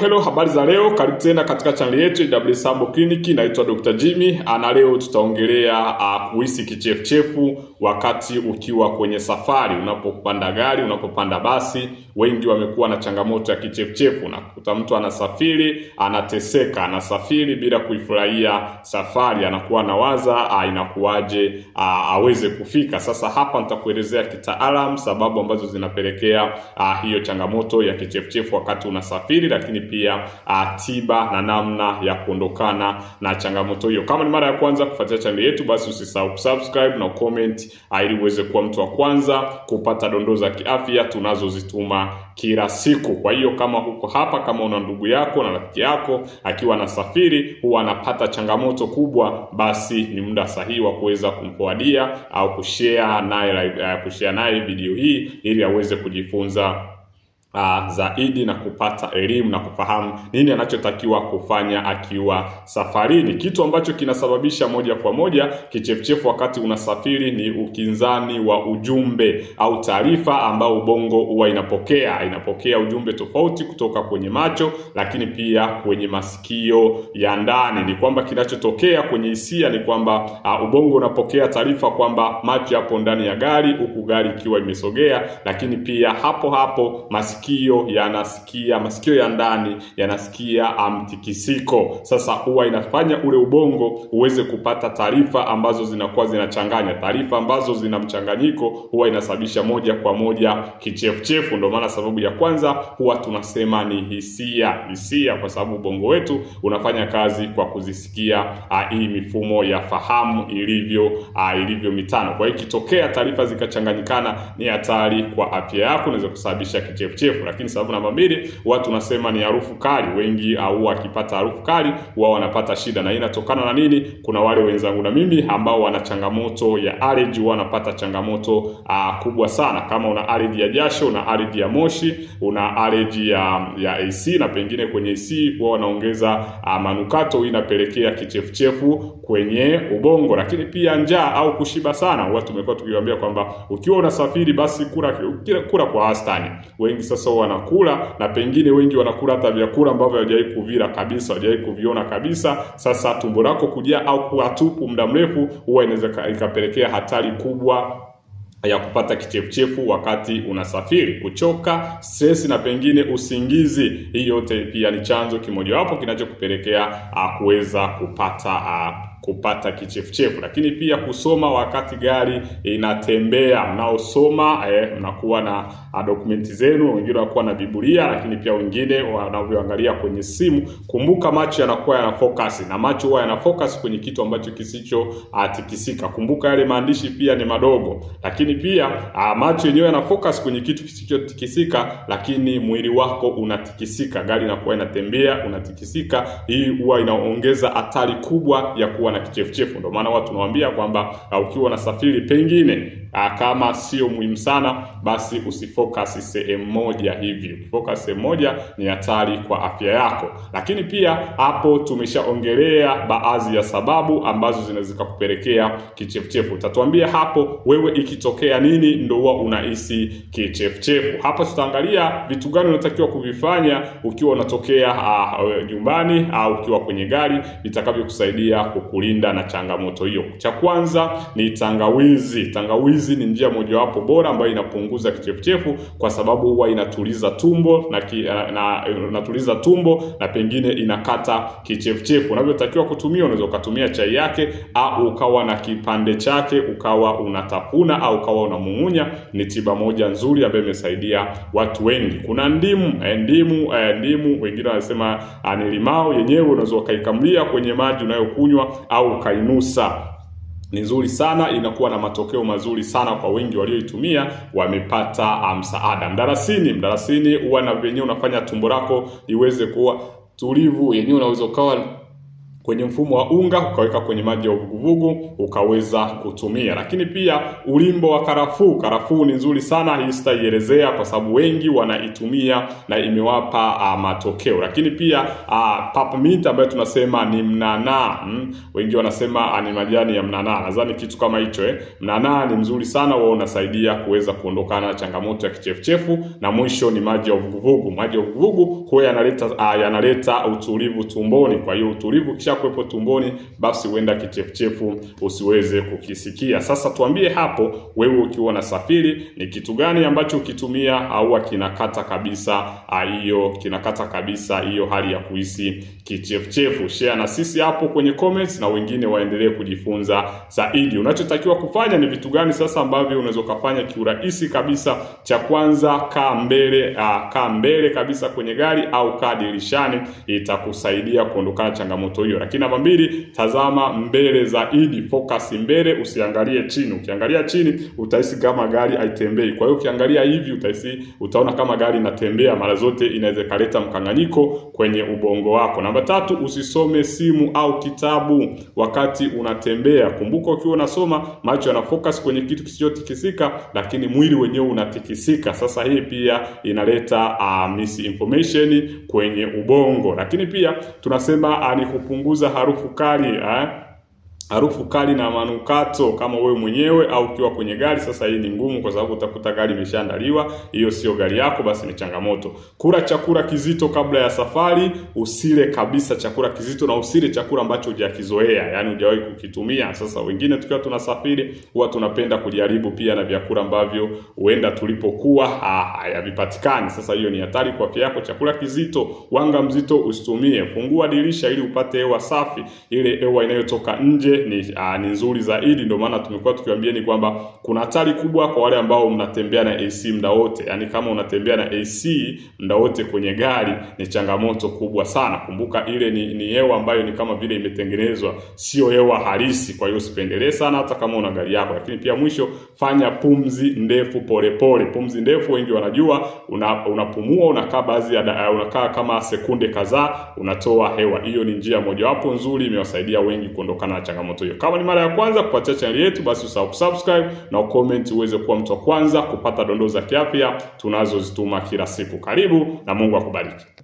Hello, habari za leo, karibu tena katika chaneli yetu W Sambo Clinic. Naitwa Dr. Jimmy ah, na leo tutaongelea uh, kuhisi kichefuchefu wakati ukiwa kwenye safari, unapopanda gari, unapopanda basi. Wengi wamekuwa na changamoto ya kichefuchefu, nakuta mtu anasafiri anateseka, anasafiri bila kuifurahia safari, anakuwa anawaza uh, inakuwaje uh, aweze kufika. Sasa hapa nitakuelezea kitaalamu sababu ambazo zinapelekea uh, hiyo changamoto ya kichefuchefu wakati unasafiri, lakini pia ah, tiba na namna ya kuondokana na changamoto hiyo. Kama ni mara ya kwanza kufuatilia chaneli yetu, basi usisahau kusubscribe na comment ah, ili uweze kuwa mtu wa kwanza kupata dondoo za kiafya tunazozituma kila siku. Kwa hiyo kama huko hapa, kama una ndugu yako na rafiki yako akiwa anasafiri huwa anapata changamoto kubwa, basi ni muda sahihi wa kuweza kumfuadia au kushare naye, ah, kushare naye video hii ili aweze kujifunza uh, zaidi na kupata elimu na kufahamu nini anachotakiwa kufanya akiwa safarini. Kitu ambacho kinasababisha moja kwa moja kichefuchefu wakati unasafiri ni ukinzani wa ujumbe au taarifa ambao ubongo huwa inapokea. Inapokea ujumbe tofauti kutoka kwenye macho, lakini pia kwenye masikio ya ndani. Ni kwamba kinachotokea kwenye hisia ni kwamba uh, ubongo unapokea taarifa kwamba macho yapo ndani ya gari, huku gari ikiwa imesogea, lakini pia hapo hapo masikio masikio yanasikia, masikio ya ndani yanasikia ah, mtikisiko. Sasa huwa inafanya ule ubongo uweze kupata taarifa ambazo zinakuwa zinachanganya, taarifa ambazo zina mchanganyiko huwa inasababisha moja kwa moja kichefuchefu. Ndio maana sababu ya kwanza huwa tunasema ni hisia, hisia, kwa sababu ubongo wetu unafanya kazi kwa kuzisikia ah, hii mifumo ya fahamu ilivyo a, ah, ilivyo mitano. Kwa hiyo ikitokea taarifa zikachanganyikana, ni hatari kwa afya yako, inaweza kusababisha kichefuchefu mrefu, lakini sababu namba mbili, watu nasema ni harufu kali. Wengi au wakipata harufu kali wao wanapata shida, na inatokana na nini? Kuna wale wenzangu na mimi ambao wana changamoto ya allergy, wanapata changamoto uh, kubwa sana. Kama una allergy ya jasho, una allergy ya moshi, una allergy ya, ya AC na pengine kwenye AC wao wanaongeza uh, manukato. Hii inapelekea kichefuchefu kwenye ubongo, lakini pia njaa au kushiba sana. Watu tumekuwa tukiwaambia kwamba ukiwa unasafiri basi kula, kula kwa wastani. Wengi sasa sasa wanakula, na pengine wengi wanakula hata vyakula ambavyo hawajawahi kuvila kabisa, hawajawahi kuviona kabisa. Sasa tumbo lako kujaa au kuwa tupu muda mrefu, huwa inaweza ikapelekea hatari kubwa ya kupata kichefuchefu wakati unasafiri, kuchoka, stress na pengine usingizi. Hii yote pia ni chanzo kimojawapo kinachokupelekea ah, kuweza kupata a, ah, kupata kichefuchefu, lakini pia kusoma wakati gari inatembea. Mnaosoma eh, mnakuwa na ah, dokumenti zenu, wengine wanakuwa na Biblia, lakini pia wengine wanavyoangalia kwenye simu. Kumbuka macho yanakuwa yana focus, na macho huwa yana focus kwenye kitu ambacho kisicho atikisika. Ah, Kumbuka yale maandishi pia ni madogo, lakini pia a, ah, macho yenyewe yana focus kwenye kitu kisicho tikisika, lakini mwili wako unatikisika, gari inakuwa inatembea, unatikisika. Hii huwa inaongeza hatari kubwa ya kuwa na kichefuchefu. Ndio maana watu tunawaambia kwamba uh, ukiwa unasafiri pengine Ah, kama sio muhimu sana, basi usifocus sehemu moja hivi. Ukifocus sehemu moja ni hatari kwa afya yako. Lakini pia hapo tumeshaongelea baadhi ya sababu ambazo zinaweza kupelekea kichefuchefu. Tatuambia hapo wewe ikitokea nini ndo huwa unahisi kichefuchefu. Hapo tutaangalia vitu gani unatakiwa kuvifanya ukiwa unatokea ah, nyumbani au uh, ukiwa kwenye gari vitakavyokusaidia kukulinda na changamoto hiyo. Cha kwanza ni tangawizi. Tangawizi hizi ni njia mojawapo bora ambayo inapunguza kichefuchefu, kwa sababu huwa inatuliza tumbo na, ki, eh, na, na tumbo na pengine inakata kichefuchefu. Unavyotakiwa kutumia, unaweza ukatumia chai yake au ukawa na kipande chake ukawa unatafuna au ukawa unamung'unya. Ni tiba moja nzuri ambayo imesaidia watu wengi. Kuna ndimu eh, ndimu eh, ndimu, wengine wanasema ah, ni limao yenyewe, unaweza ukaikamlia kwenye maji unayokunywa au ukainusa ni nzuri sana, inakuwa na matokeo mazuri sana kwa wengi walioitumia, wamepata ah, msaada. Mdarasini, mdarasini huwa na venyewe unafanya tumbo lako liweze kuwa tulivu, yenyewe unaweza ukawa kwenye mfumo wa unga ukaweka kwenye maji ya uvuguvugu ukaweza kutumia. Lakini pia ulimbo wa karafuu, karafuu ni nzuri sana, hii sitaielezea kwa sababu wengi wanaitumia na imewapa uh, matokeo. Lakini pia uh, ah, papmint ambayo tunasema ni mnanaa hmm. Wengi wanasema uh, ni majani ya mnanaa, nadhani kitu kama hicho eh. Mnanaa ni mzuri sana, wao unasaidia kuweza kuondokana na changamoto ya kichefuchefu. Na mwisho ni maji ya uvuguvugu, maji ya uvuguvugu huwa yanaleta uh, yanaleta utulivu tumboni, kwa hiyo utulivu kisha kuwepo tumboni, basi huenda kichefuchefu usiweze kukisikia. Sasa tuambie hapo, wewe ukiwa safiri, ni kitu gani ambacho ukitumia au kinakata kabisa ah, hiyo kinakata kabisa hiyo hali ya kuhisi kichefuchefu? Share na sisi hapo kwenye comments, na wengine waendelee kujifunza zaidi. Unachotakiwa kufanya ni vitu gani sasa ambavyo unaweza ukafanya kiurahisi kabisa? Cha kwanza, kaa mbele, ah, kaa mbele kabisa kwenye gari au kaa dirishani, itakusaidia kuondokana changamoto hiyo. Lakini namba mbili, tazama mbele zaidi, focus mbele, usiangalie chini. Ukiangalia chini utahisi kama gari haitembei. Kwa hiyo ukiangalia hivi utahisi, utaona kama gari inatembea mara zote, inaweza kaleta mkanganyiko kwenye ubongo wako. Namba tatu, usisome simu au kitabu wakati unatembea. Kumbuka, ukiwa unasoma macho yana focus kwenye kitu kisichotikisika, lakini mwili wenyewe unatikisika. Sasa hii pia inaleta uh, misinformation kwenye ubongo, lakini pia tunasema uh, ni kupunguza kupunguza harufu kali eh? harufu kali na manukato kama wewe mwenyewe au ukiwa kwenye gari. Sasa hii ni ngumu, kwa sababu utakuta gari imeshaandaliwa, hiyo sio gari yako, basi ni changamoto. Kula chakula kizito kabla ya safari, usile kabisa chakula kizito na usile chakula ambacho hujakizoea, yani hujawahi kukitumia. Sasa wengine tukiwa tunasafiri, huwa tunapenda kujaribu pia na vyakula ambavyo huenda tulipokuwa hayavipatikani. Sasa hiyo ni hatari kwa afya yako. Chakula kizito, wanga mzito usitumie. Fungua dirisha ili upate hewa safi, ile hewa inayotoka nje ni, a, ah, ni nzuri zaidi. Ndio maana tumekuwa ni kwamba kuna hatari kubwa kwa wale ambao mnatembea na AC muda wote, yaani kama unatembea na AC muda wote kwenye gari ni changamoto kubwa sana. Kumbuka ile ni, ni hewa ambayo ni kama vile imetengenezwa, sio hewa halisi. Kwa hiyo usipendelee sana, hata kama una gari yako. Lakini pia mwisho, fanya pumzi ndefu polepole pole. Pumzi ndefu wengi wanajua unapumua una unakaa baadhi ya unakaa kama sekunde kadhaa, unatoa hewa. Hiyo ni njia mojawapo nzuri, imewasaidia wengi kuondokana na changamoto changamoto hiyo. Kama ni mara ya kwanza kupatia chaneli yetu, basi usahau kusubscribe na ucomment uweze kuwa mtu wa kwanza kupata dondoo za kiafya tunazozituma kila siku. Karibu na Mungu akubariki.